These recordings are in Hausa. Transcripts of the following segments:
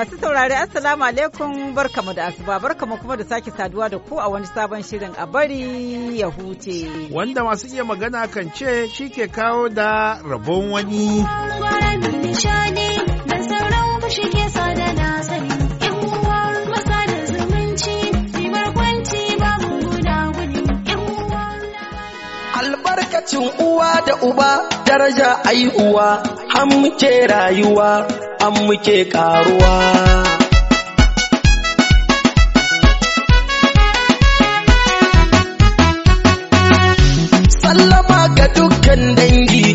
Masu saurari Assalamu alaikum barkamu da asuba barkamu kuma da sake saduwa da ku a wani sabon shirin a bari ya huce. Wanda masu iya magana kan ce shi ke kawo da rabon wani. Albarkacin uwa da uba daraja ai uwa, muke rayuwa. an muke karuwa sallama ga dukkan dangi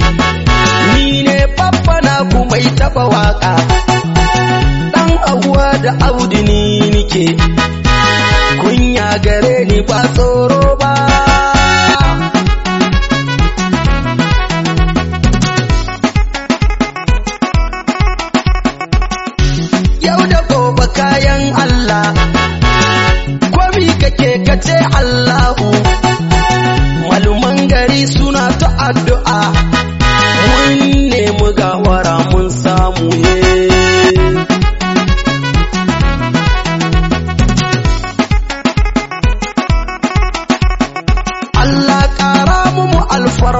ni ne babba na kuma taba waka dan abuwa da audini ni nike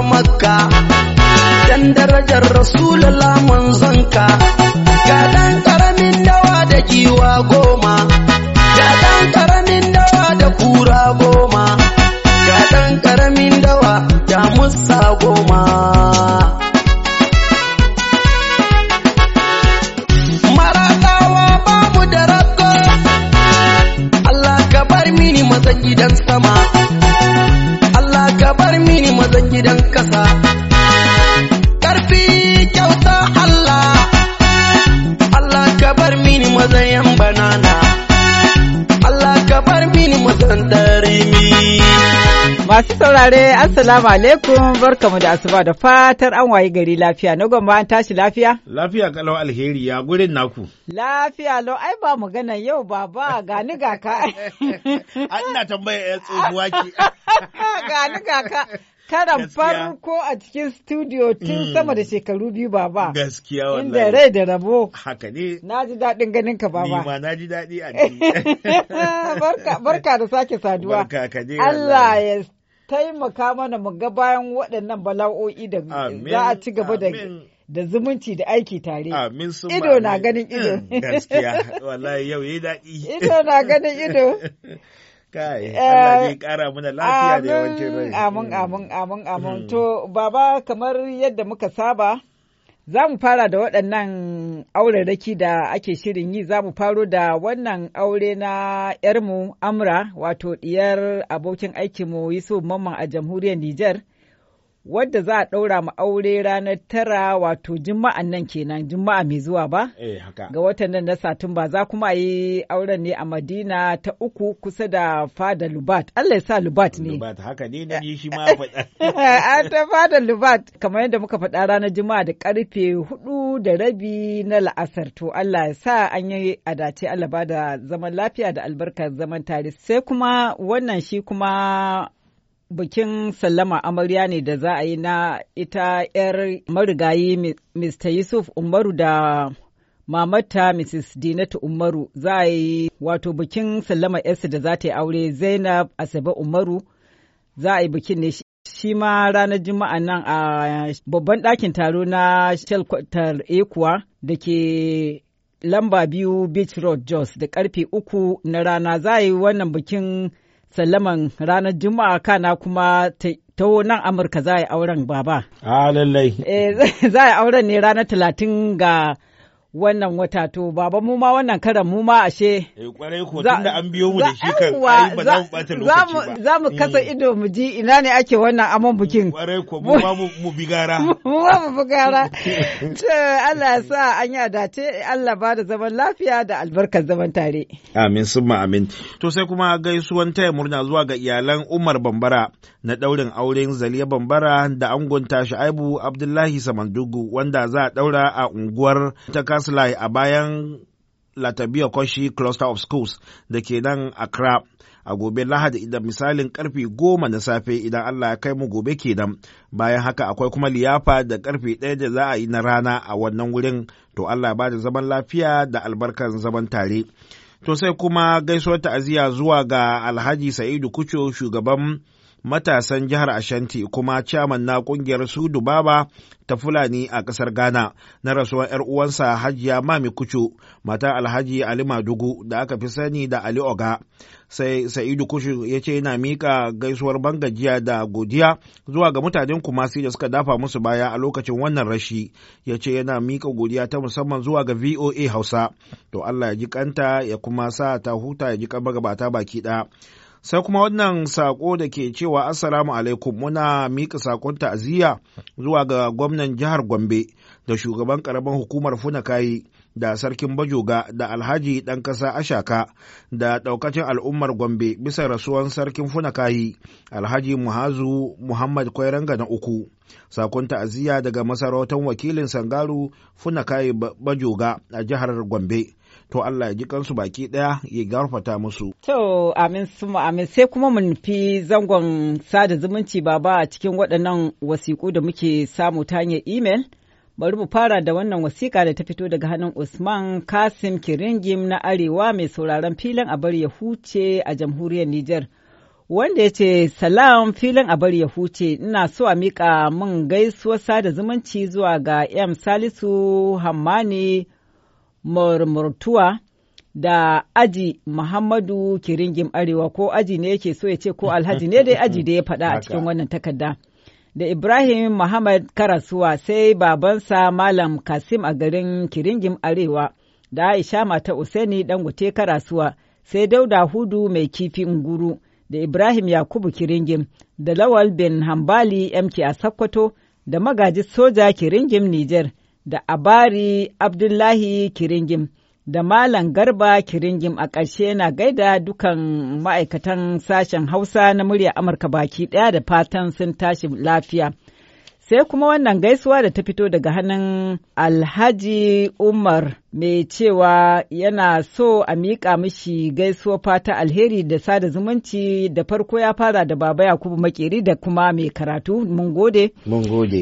makka dan darajar rasulullah manzonka ka dan karamin dawa da giwa goma saurare assalamu alaikum barkamu da asuba da fatar an wayi gari lafiya na gwamba an tashi lafiya lafiya kalau alheri ya gurin naku lafiya lau ai ba magana yau baba gani ga ka ina tambaya ya tsohuwa ki gani ga ka karan farko a cikin studio tun hmm. sama da shekaru biyu baba. Gaskiya wallahi. Inda rai da rabo. Haka ne. Na ji daɗin ganin ka ba Ni ma na ji daɗi a Barka da sake saduwa. Barka ka Allah ya taimaka mana mu ga bayan waɗannan bala'o'i da za a ci gaba da da zumunci da aiki tare. Amin su Ido na ganin ido. Hmm, gaskiya, wallahi yau yi daɗi. Ido na ganin ido. Kai, eh, Allah ya ƙara mana lafiya da yawancin rai. Amin, amin, amin, amin. Hmm. To, baba kamar yadda muka saba. Za mu fara da waɗannan auraraki da ake shirin yi za mu faro da wannan aure na ‘yarmu Amra wato ɗiyar abokin aikinmu Yusuf Mamman a jamhuriyar Nijar wadda za a ɗaura ma aure ranar tara wato juma'a nan kenan juma'a mai zuwa ba eh, ga watan nan na satumba za kuma yi auren ne a madina ta uku kusa da fada lubat allah ya sa lubat ne lubat haka ne na shi ma faɗa ta fada lubat kamar yadda muka faɗa ranar juma'a da karfe hudu da rabi na la'asar to allah ya sa an yi adace allah ba da zaman lafiya da albarkar zaman tare sai kuma wannan shi kuma bikin sallama amarya ne da za a yi na ita 'yar marigayi Mr. Yusuf Umaru da mamata Mrs. Dinatu Umaru za a yi wato bikin sallama 'yarsa da za ta yi aure Zainab Asabe Umaru za a yi bikin ne shi ma ranar Juma'a nan a babban ɗakin taro na shelkwatar ekuwa da ke lamba biyu Beach Road Jos da karfe uku na rana za a yi wannan bikin sallaman ranar juma'a kana kuma ta nan amurka za a yi auren baba a ah, lallai eh, za a yi auren ne ranar talatin ga wannan wata to baba mu ma wannan karan mu ma ashe eh, za mu kasa mm. ido mu ji ina ne ake wannan amon bikin kwarai mu bigara mu bi gara ma mu bi gara to Allah ya sa an ya dace Allah ba da zaman lafiya da albarkar zaman tare amin summa amin to sai kuma gaisuwan taya murna zuwa ga iyalan Umar Bambara na daurin auren Zaliya Bambara da angon tashi Aibu Abdullahi Samandugu wanda za a daura a unguwar ta Translai a bayan latabiya Koshi Cluster of Schools da ke nan Accra a gobe Lahadi da misalin karfe goma na safe idan Allah ya kai mu gobe kenan bayan haka akwai kuma liyafa da karfe ɗaya da za a yi na rana a wannan wurin to Allah ba da zaman lafiya da albarkar zaman tare. To sai kuma gaisuwar ta'aziyya zuwa ga Alhaji Sa'idu Kucho shugaban matasan jihar Ashanti kuma caman na kungiyar Sudu Baba ta Fulani a ƙasar Ghana na rasuwar 'yar uwansa Hajiya Mami Kucu, mata Alhaji Ali Madugu da aka fi sani da Ali Oga. Sai Sa'idu Kushu ya ce yana mika gaisuwar ban gajiya da godiya zuwa ga mutanen Kumasi da suka dafa musu baya a lokacin wannan rashi. Ya ce yana mika godiya ta musamman zuwa ga VOA Hausa. To Allah ya ji kanta ya kuma sa ta huta ya ji gabata baki ɗaya. sai kuma wannan sako da ke cewa assalamu alaikum muna mika sakon ta'aziyya zuwa ga gwamnan jihar gombe da shugaban karamin hukumar funakayi da sarkin bajoga da alhaji ɗan ƙasa ashaka da ɗaukacin al'ummar gombe bisa rasuwan sarkin funakayi alhaji muhazu muhammad kwairanga na uku sakon ta'aziyya daga masarautar wakilin sangaru funakayi bajoga a jihar gombe to Allah ya ji kansu baki ɗaya ya garfata musu. To amin suma amin sai kuma mun fi zangon sada zumunci baba a cikin waɗannan wasiƙu da muke samu ta hanyar imel. Bari mu fara da wannan wasiƙa da ta fito daga hannun Usman Kasim Kiringim na Arewa mai sauraron filin a bari ya huce a jamhuriyar Nijar. wanda ya ce salam filin a bari ya huce ina so a miƙa mun gaisuwar sada zumunci zuwa ga m salisu hammani murmurtuwa da aji Muhammadu Kiringim Arewa ko aji ne yake so ya ce ko alhaji ne dai aji da ya faɗa a cikin wannan takarda. Da Ibrahim Muhammad Karasuwa sai babansa Malam Kasim a garin Kiringim Arewa da Aisha mata Useni Dangote Karasuwa sai Dauda Hudu mai kifi nguru da Ibrahim Yakubu Kiringim da Lawal bin Hambali MK a sokoto da magaji soja Kiringim Nijar. da Abari Abdullahi Kiringim da Malam Garba Kiringim a ƙarshe na gaida dukan ma'aikatan sashen Hausa na murya Amurka baki ɗaya da fatan sun tashi lafiya. Sai kuma wannan gaisuwa da ta fito daga hannun Alhaji Umar mai cewa yana so a miƙa mishi gaisuwa fata alheri da sada zumunci da farko ya fara da Baba Yakubu Makeri da kuma mai karatu mun gode.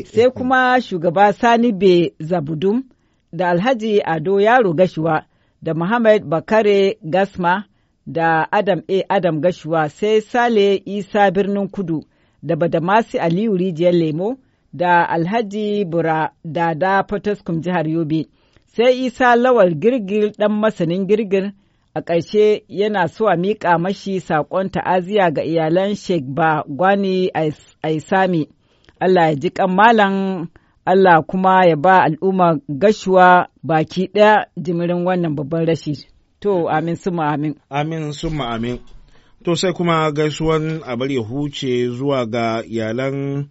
Sai kuma shugaba Sani Be Zabudum da Alhaji Ado Yaro Gashuwa da Muhammad Bakare Gasma da Adam A. Adam Gashuwa sai Sale Isa Birnin Kudu da Badamasi Aliyu Rijiyar Lemo da Alhaji Bura Dada Fataskum jihar Yobe, sai Isa Lawal Girgir ɗan masanin girgir a ƙarshe yana so a miƙa mashi saƙon ta'aziyya ga iyalan Sheikh Ba Gwani Aisami. Allah ya ji kan malam Allah kuma ya ba al'umma gashuwa baki ɗaya jimirin wannan babban rashi. To, amin su amin. Amin su amin. To sai kuma gaisuwan abar ya huce zuwa ga iyalan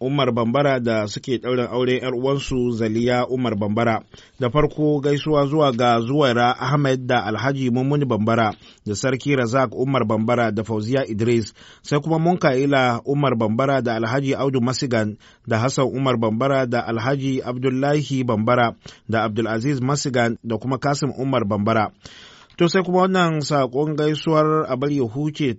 Umar Bambara da suke ɗaurin auren 'yar uwansu Zaliya Umar Bambara. Da farko gaisuwa zuwa ga Zuwaira Ahmed da Alhaji Mummuni Bambara da Sarki Razak Umar Bambara da Fauziya Idris, sai kuma Munkaila Umar Bambara da Alhaji Audu Masigan da Hassan Umar Bambara da Alhaji Abdullahi Bambara da Abdulaziz Masigan da kuma Kasim Umar Bambara. To sai kuma wannan saƙon gaisuwar abar Yahuce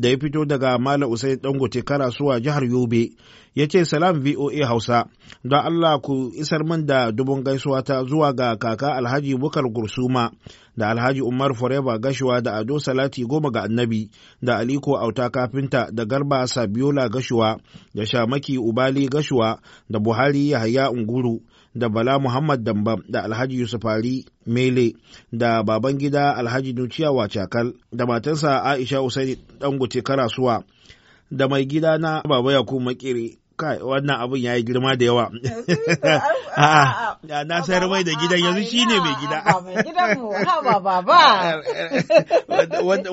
da ya fito daga Mala Usain Dangote suwa jihar Yobe ya ce salam VOA Hausa don Allah ku isar min da dubun gaisuwa ta zuwa ga kaka Alhaji Bukar Gursuma da Alhaji Umar Forever Gashuwa da Ado Salati Goma ga Annabi da Aliko Auta Kafinta da Garba Sabiola Gashuwa da Shamaki Ubali Gashuwa da Buhari Yahaya Unguru da Bala Muhammad Damba da Alhaji Yusuf Ali Mele da baban gida Alhaji Nuciya Cakal da matarsa Aisha Usaini Dangote Karasuwa da mai gida na Baba Yakubu Makire kai wannan abun ya yi girma da yawa ah, na sayar mai da gidan yanzu shi ne mai gida eh, eh, eh,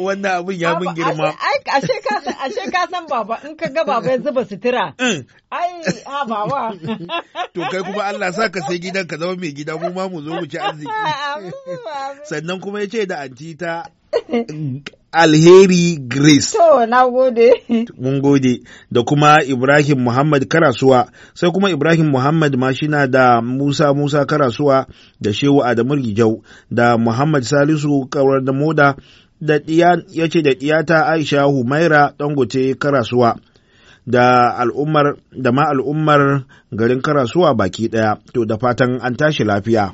wannan abun ya mun girma ashe ka san baba in ka ga baba ya zuba sutura mm. ai ha baba to kai kuma Allah sa ka sai gidan ka zama mai gida mu ma mu zo mu ci arziki sannan kuma ya ce da antita alheri grace to na gode mun gode da kuma ibrahim muhammad karasuwa sai kuma ibrahim muhammad mashina da musa musa karasuwa da shehu adamu rijau da muhammad salisu kawar da moda da ya ce da ɗiyata aisha humaira dangote karasuwa da al'ummar da ma al'ummar garin karasuwa baki ɗaya to da fatan an tashi lafiya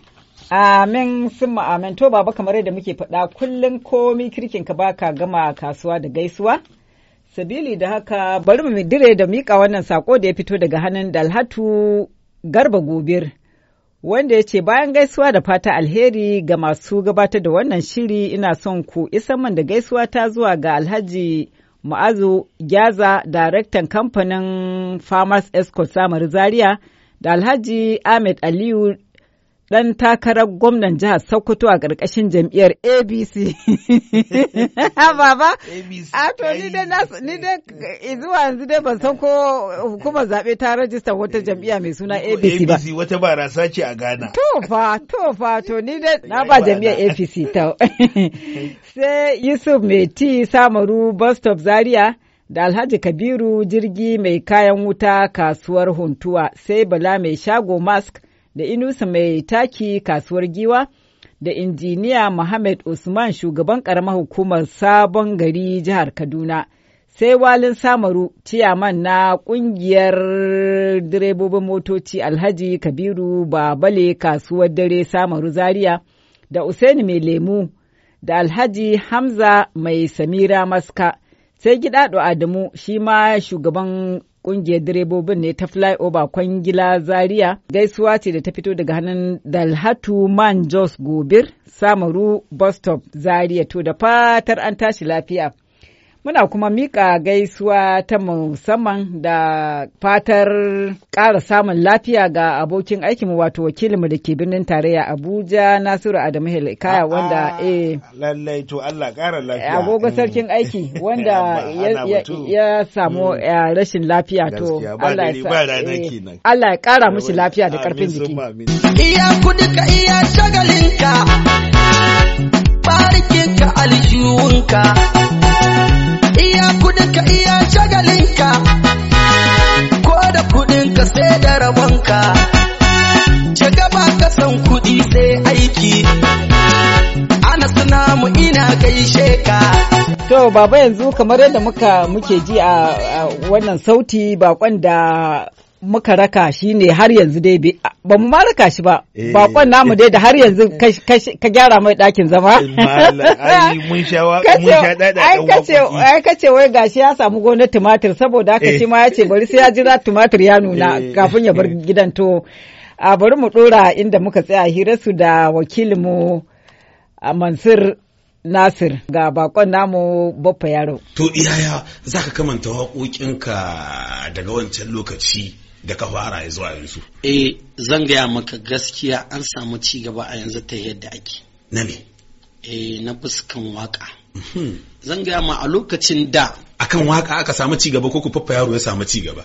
Amin sun amin to baba kamar yadda muke faɗa kullum komi kirkin ka baka gama kasuwa da gaisuwa. Sabili da haka bari mu dire da miƙa wannan sako da ya fito daga hannun Dalhatu Garba Gobir. Wanda ya ce bayan gaisuwa da fata alheri ga masu gabatar da wannan shiri ina son ku man da gaisuwa ta zuwa ga Alhaji Ma'azu Gyaza, daraktan kamfanin Farmers Escort Samar Zaria da Alhaji Ahmed Aliyu ɗan takarar gwamnan jihar Sokoto a ƙarƙashin jam'iyyar ABC. Baba, a to ni dai ni dai zuwa yanzu dai ban san ko hukumar zaɓe ta rajista wata jam'iyya mai suna ABC ba. ABC wata barasa ce a Ghana. To fa, to fa, to ni dai na ba jam'iyyar APC ta. Sai Yusuf Meti Samaru Bus Stop Zaria. da Alhaji Kabiru jirgi mai kayan wuta kasuwar Huntuwa sai Bala mai shago mask da Inusa mai taki kasuwar giwa da injiniya Muhammad Usman shugaban ƙaramar hukumar sabon gari jihar Kaduna. Sai walin samaru ciyaman na ƙungiyar direbobin motoci Alhaji Kabiru Babale kasuwar dare samaru Zaria da Usaini mai lemu da Alhaji Hamza mai Samira Maska. sai gidado Adamu shi ma shugaban kungiyar direbobin ne ta flyover kwangila zaria gaisuwa ce da ta fito daga hannun dalhatu man jos gobir samaru bus stop zaria to da fatar an tashi lafiya Muna kuma mika gaisuwa ta musamman da fatar ƙara samun lafiya ga abokin aikinmu wato wakilinmu da ke birnin tarayya Abuja Nasiru Adamu Helikaya ah, wanda ah, eh lallai to Allah ƙara lafiya. Agogo mm. sarkin aiki wanda ya samu mm. eh, rashin lafiya to eh, Allah ya ƙara mushi lafiya da ƙarfin jiki. Iya kudinka iya shagalinka barikinka alshiyunka. iya kudin ka iya shagalinka ko da kudin ka sai da rabon ka jaga ba ka san kudi sai aiki ana suna mu ina gaishe ka to baba yanzu kamar yadda muka muke ji a wannan sauti bakon da muka raka shi ne har yanzu dai ba mu ma raka shi ba eh. bakon namu dai da har yanzu ka gyara mai ɗakin zama eh, ai kace wai gashi ya samu gona tumatir saboda haka eh. shi ma ya ce bari sai ya jira tumatir ya nuna kafin ya bar gidan to a bari mu ɗora inda muka tsaya hirarsu da wakilinmu mansur Nasir ga bakon namu Baffa Yaro. To iyaya za ka kamanta waƙoƙinka daga wancan lokaci da ka fara ya zuwa yanzu eh zan gaya maka gaskiya an samu ci gaba a yanzu ta yadda ake na me eh na fuskan waka mhm. zan gaya ma a lokacin da akan waka aka samu ci gaba ko ku faffa yaro ya samu ci gaba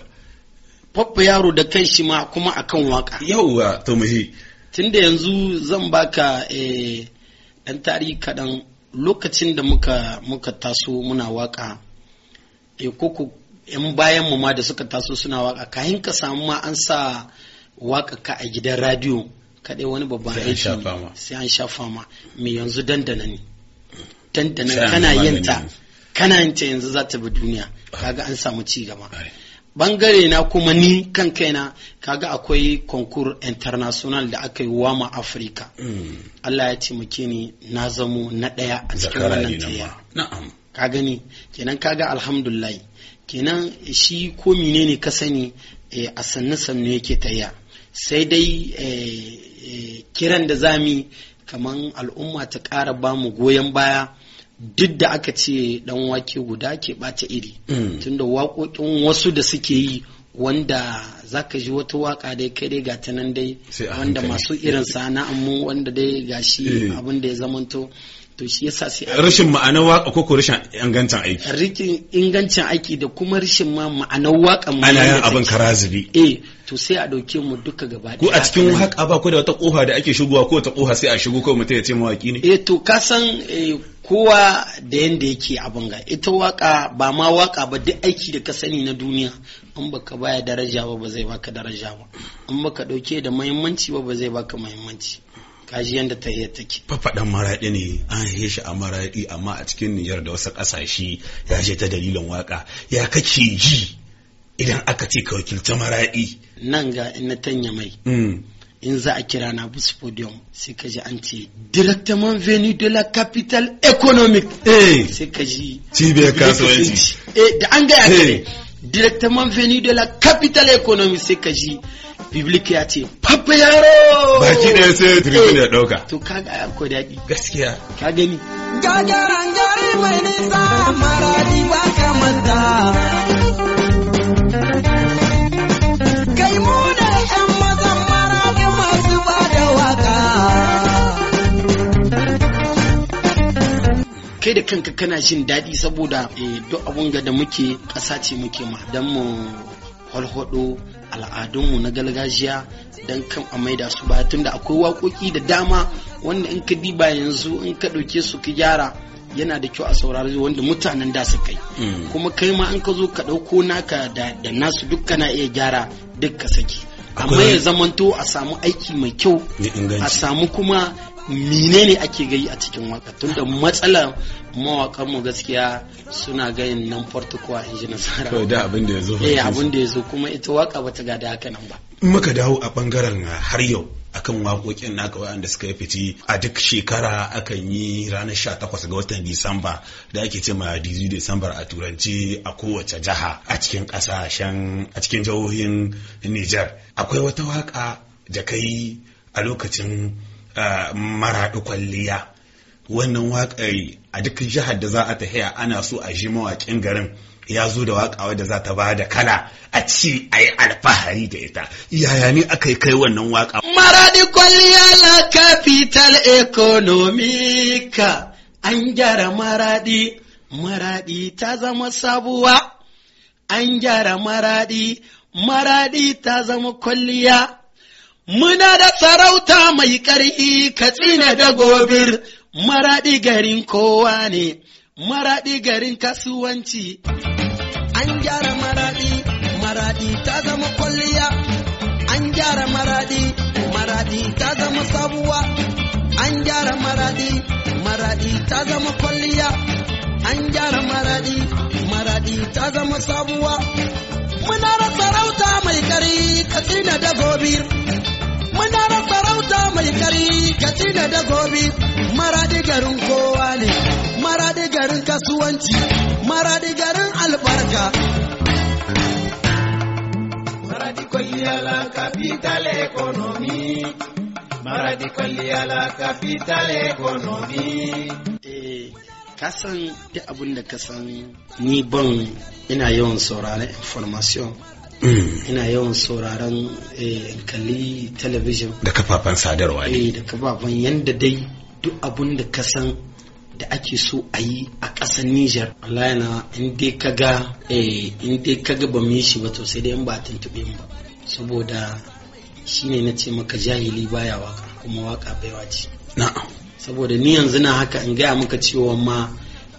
faffa yaro da kan shi ma kuma akan waka yauwa to muhi tunda yanzu zan baka eh dan tarihi kaɗan lokacin da muka muka taso muna waka Eh koko 'yan bayan mu ma da suka taso suna waka kayan ka samu ma an sa waka ka a gidan radiyo kaɗai wani babban aiki sai an shafa ma me yanzu dandana ne dandana kana yin ta kana yin ta yanzu za ta bi duniya kaga an samu ci gaba bangare na kuma ni kan kaina kaga akwai konkur international da aka yi wama afirka mm. allah ya taimake ni na zamo na ɗaya a cikin wannan tayar ka gani kenan kaga alhamdulillah kenan shi ko menene ka sani eh, a sannu sannu yake tayya sai dai eh, eh, kiran da zami kaman al'umma ta ƙara ba mu goyon baya duk da aka ce dan wake guda ke bata iri mm. tunda waƙoƙin wasu da suke yi wanda za ka ji wata waka dai kai dai ga tanan dai wanda masu irin sana'an mu wanda dai gashi abin da ya zamanto to shi yasa sai rashin ma'anar waka ko ko rashin ingancin aiki rikin ingancin aiki da kuma rashin ma ma'anar waka ana yin abin karazibi eh to sai a dauke mu duka gaba ko a cikin haka ba ko da wata koha da ake shigowa ko wata koha sai a shigo ko mutai ya ce mawaki ne eh to ka san eh, kowa da yanda yake abin ga ita waka ba ma waka ba duk aiki da ka sani na duniya in baka baya daraja ba ba zai baka daraja ba in baka dauke da muhimmanci ba ba zai baka muhimmanci kaji yadda ta iya take fafaɗan maraɗi ne an yi shi a maraɗi amma a cikin niyyar da wasu ƙasashe ya je ta dalilin waƙa ya kake ji idan aka ce ka wakilta maraɗi nan ga in na tanya mai mm. in za a kira na bus podium sai ka ji an ce directement venu de la capitale économique eh. sai ka ji cibiyar kasuwanci eh, da an gaya eh. ne directement venu de la capitale économique sai ka ji biblik ya ce fafa yaro baki ɗaya sai tribune ya ɗauka to kaga akwai daɗi gaskiya ka gani gagaran gari mai nisa maradi ba kamar da kai da kanka kana jin daɗi saboda eh, duk abun da muke ƙasa ce muke ma don mu halhado al'adunmu na gargajiya don kan a maida su ba tunda akwai waƙoƙi da dama wanda in ka diba yanzu in ka ɗauke su ka gyara yana da kyau a saurari wanda mutanen da su kai mm. kuma kai ma an ka zo ka ɗauko naka da nasu duk kana iya gyara duk ka saki amma ya zamanto a samu aiki mai kyau a samu kuma menene ake gayi a cikin waka tunda matsala mawakan mu gaskiya suna gayin nan fartukuwa in ji nasara da abin da ya zo eh abin da ya kuma ita waka bata ga da haka nan ba in muka dawo a bangaren har yau akan waƙoƙin naka waɗanda suka yi fiti a duk shekara akan yi ranar 18 ga watan Disamba da ake ce ma Dizu Disamba a turanci a kowace jiha a cikin kasashen a cikin jihohin Nijar akwai wata waƙa da kai a lokacin maraɗi kwalliya wannan waƙar a duk jihar da za a tahiya ana so a ji mawaƙin garin ya zo da waƙa wadda za ta ba da kala a ci a yi alfahari da ita yaya ne aka yi kai wannan waƙa. Maraɗi kwalliya la capital economica an gyara maraɗi, maraɗi ta zama sabuwa an gyara maraɗi, maraɗi ta zama kwalliya Muna da sarauta mai ƙarfi katsina da gobir, maraɗi garin kowa ne, maraɗi garin kasuwanci. An gyara maraɗi, maraɗi ta zama kwalliya, an gyara maraɗi, maraɗi ta zama sabuwa, an gyara maraɗi, maraɗi ta zama kwalliya, an gyara maraɗi, maraɗi ta zama sabuwa. Muna da sarauta mai ƙarfi katsina da gobir. Madarar farauta mai kari katsina da gobi maradi garin kowa ne, maradi garin kasuwanci, maradi garin albarka. Maradi kwalliya la capital economy. Maradi kwalliya la capital economy. Eh, ka san duk abin da ka san ni ban ina yawan sauraron information ina yawan sauraron eh, kalli talabijin da kafafen sadarwa ne eh, da kafafen yadda dai duk abun da ka san da ake so a yi a ƙasar Nijar. Allah yana in ka eh, in ka ba mu yi shi ba to sai dai in ba tuntuɓe mu ba saboda shine na ce maka jahili baya waka kuma waka baiwa ce. Na'am. Saboda ni yanzu na haka in gaya maka cewa ma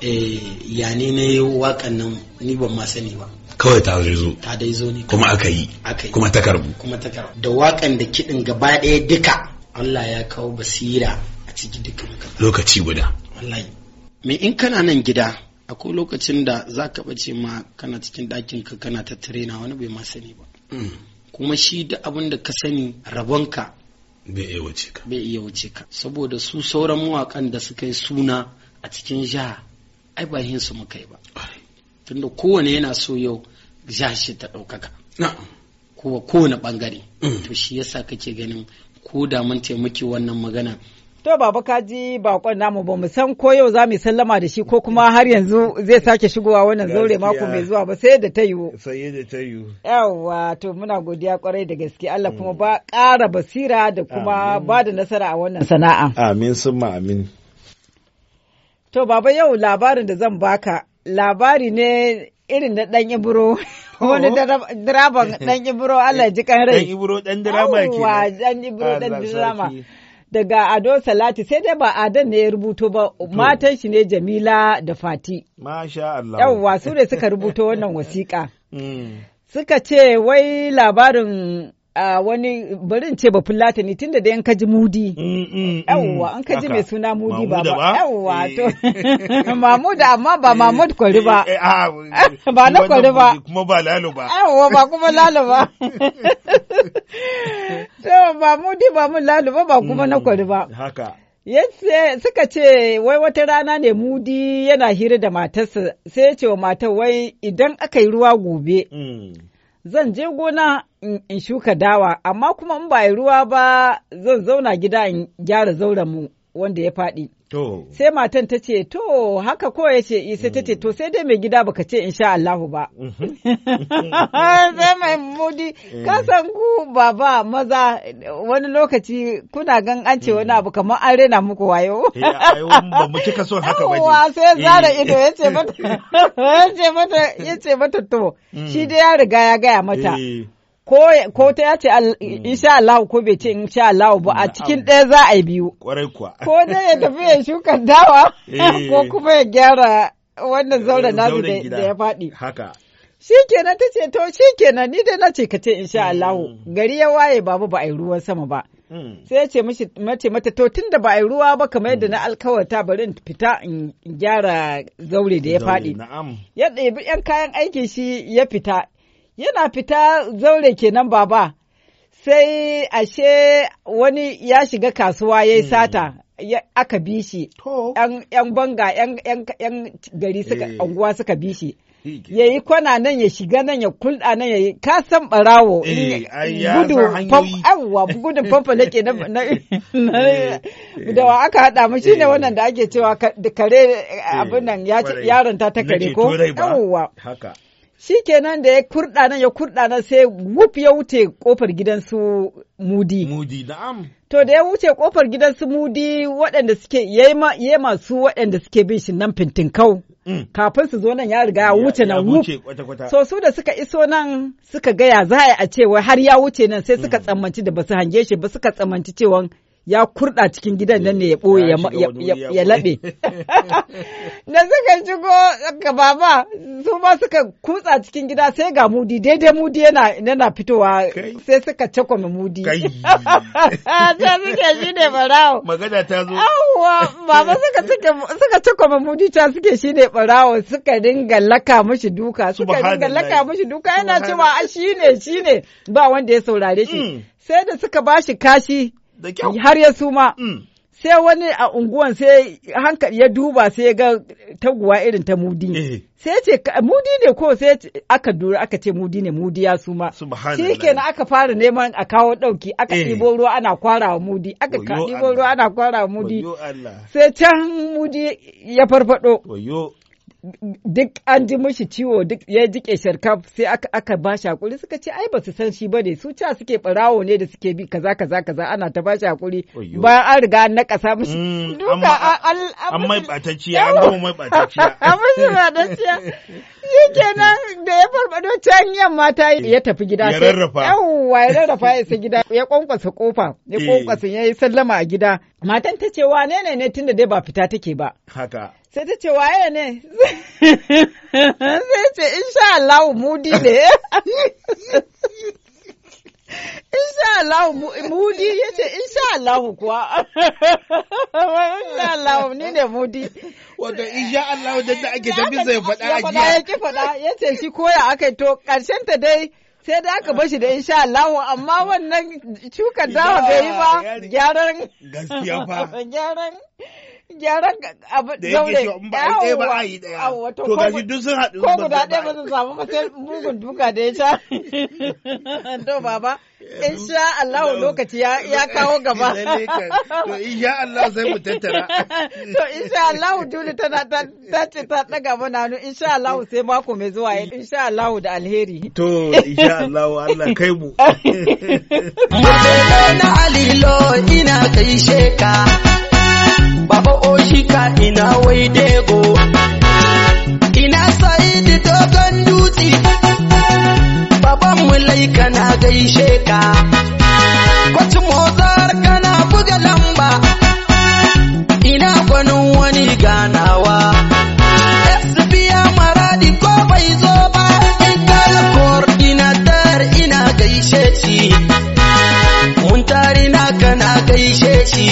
ya ne na yi wakan nan ni ban ma sani ba. kawai ta zai zo ta dai zo kuma aka yi kuma ta karbu da wakan da kiɗin gaba ɗaya duka Allah ya kawo basira a cikin duka lokaci guda wallahi me in kana nan gida akwai lokacin da za ka bace ma kana cikin ɗakin ka kana ta na wani bai ma sani ba mm. kuma shi da abin da ka sani rabonka bai iya wuce ka bai iya wuce ka saboda su sauran mawakan da suka yi suna a cikin jiha ai ba su muka yi ba ah. tunda kowane yana so yau shi ta ɗaukaka kowa kowane ɓangare mm. to shi yasa kake ganin ko da mun taimaki wannan magana To baba kaji bakon namu ba mu san ko yau za mu sallama da shi ko kuma har yanzu zai sake shigowa wannan zaure mako mai zuwa ba sai da ta yiwu. Sai da ta yiwu. yawa to muna godiya kwarai da gaske Allah mm. kuma ba ƙara basira da kuma ba da nasara a wannan sana'a. Amin summa amin. To baba yau labarin da zan baka labari ne irin da ɗan iburo oh. wani diraban ɗan iburo Allah ji kan rai. Ɗan iburo ɗan dirama ke. Wa ɗan iburo ɗan dirama. Daga Ado Salati sai dai ba Adan ne ya rubuto ba matan shi ne Jamila da Fati. Masha Allah. Yawwa su ne suka rubuto wannan wasiƙa. Mm. Suka ce wai labarin a wani barin ce ba ne tunda da yan kaji mudi mm, mm, mm. yawwa an kaji mai suna mudi ba ba yawwa eh. to mamuda amma ba eh, mamud kwari ba eh, ah, ba na kwari ba kuma ba lalo ba yawwa ba kuma lalo ba to ba mudi ba mu lalo ba ba kuma na kwari ba haka yace suka ce wai wata rana ne mudi yana hira da matarsa sai ya ce wa matar wai idan aka yi ruwa gobe zan je gona in shuka dawa, amma kuma in ba ruwa ba zan zauna gida in gyara zauren mu wanda ya faɗi. To. Sai matan ta ce, To, haka ko ya ce isa ta ce, mm. To, sai dai mai gida baka ce insha Allahu ba. Mm-hmm. Sai mai mudi, mm. kasan ku baba maza wani lokaci kuna gan an ce wani mm. abu kamar an rena muku wayo. Eh, ido ya ce mata, ya ce mata to, shi dai ya riga ya gaya mata. Eh. ko ko ta ya ce insha Allah ko bai ce insha Allah ba a cikin ɗaya za a yi biyu kwarai kuwa ko dai ya tafi ya shuka dawa eh. ko kuma ya gyara wannan eh, zauren nasu da ya faɗi haka shi kenan ta ce to shi kenan ni dai na ce ka ce insha hmm. Allah gari ya waye babu ba a yi ruwan sama ba hmm. sai ya ce mace mata to tun da ba a yi ruwa ba kamar yadda na hmm. alkawarta bari in fita in gyara zaure da ya faɗi ya ɗebi 'yan kayan aikin shi ya fita yana fita zaure kenan baba sai ashe wani ya shiga kasuwa hmm. ya yi sata aka bi shi yan banga yan gari anguwa eh. suka bi shi ya yi kwana nan ya shiga nan ya kulɗa nan eh, ya yi kasan ɓarawo gudun na ke eh. da wa aka haɗa mu shine wannan da ake cewa kare abin nan yaron ta ta kare ko yawwa shi kenan da ya kurɗa nan ya kurɗa nan sai wuf ya wuce kofar gidansu mudi. Mudi na'am. To da ya wuce kofar gidansu mudi waɗanda suke yayi masu waɗanda suke bin shi nan fintinkau. Mm. Kafin su zo nan ya riga ya wuce nan wuf. So su da suka iso nan suka gaya za a cewa har ya wuce nan sai suka mm. tsammanci da basu hange shi ba suka tsammanci cewa ya kurɗa cikin gidan nan ne ya ɓoye ya laɓe. Na suka shigo ga baba su ma suka kutsa cikin gida sai ga mudi daidai mudi yana fitowa sai suka mai mudi. Ta suke shi ne barawo. Magana ta zo. Awwa baba suka mai mudi ta suke shi ne barawo suka dinga laka mashi duka. Suka dinga laka mashi duka yana cewa a shi ne shi ne ba wanda ya saurare shi. Mm. Sai da suka bashi kashi da kyau har ya suma mm. sai wani a unguwan sai hankali ya duba sai ga taguwa irin ta mudi eh. sai ce mudi ne ko sai aka dura aka ce mudi ne mudi ya suma shi kenan aka fara neman a kawo dauki aka eh. ɗibo ruwa ana kwarawa mudi aka ɗibo ruwa ana kwarawa mudi sai can mudi ya farfado duk an ji mushi ciwo duk ya jike sharkaf sai aka aka ba shi hakuri suka ce ai ba su san shi bane su ca suke barawo ne da suke bi kaza kaza kaza ana ta ba shi hakuri ba an riga an nakasa mushi mm, duka an mai batacciya an gama mai batacciya an mushi batacciya shi kenan da ya farfado can yamma ta ya tafi gida ya rarrafa yawwa ya rarrafa ya isa gida ya kwankwasa kofa ya kwankwasa eh. ya yi sallama a gida matan ta ce wa ne ne tunda dai ba fita take ba haka sai ta ce waye ne sai ce insha Allah mudi ne insha Allah mudi ya ce insha Allah kuwa insha Allah ni ne mudi wato insha Allah da da ake tafi zai faɗa a jiya ya ki faɗa ya ce shi koya aka to karshen ta dai sai da aka bashi da insha Allah amma wannan cukar dawa bai yi ba gyaran gaskiya fa gyaran gyaran abu daure ɗaya ba a yi ɗaya to gashi duk sun haɗu ko guda ɗaya ba su samu ba sai bugun duka da ya sha to baba in sha Allah lokaci ya kawo gaba to insha Allah sai mu tattara to in sha Allah Juli tana ta ce ta daga mana hannu sha Allah sai mako mai zuwa In sha Allah da alheri to sha Allah Allah kai mu na alilo ina kai sheka kawo ka ina wai dego ina sa'id dogon dutse baban mu laika na gaishe ka kwaci motsar kana buga lamba ina gwanin wani ganawa sbiya maradi ko bai zo ba in kala koordinatar ina gaishe ci mun tari na kana gaishe ci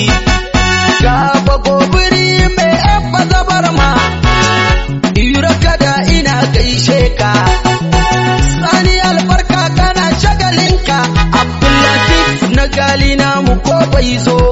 iso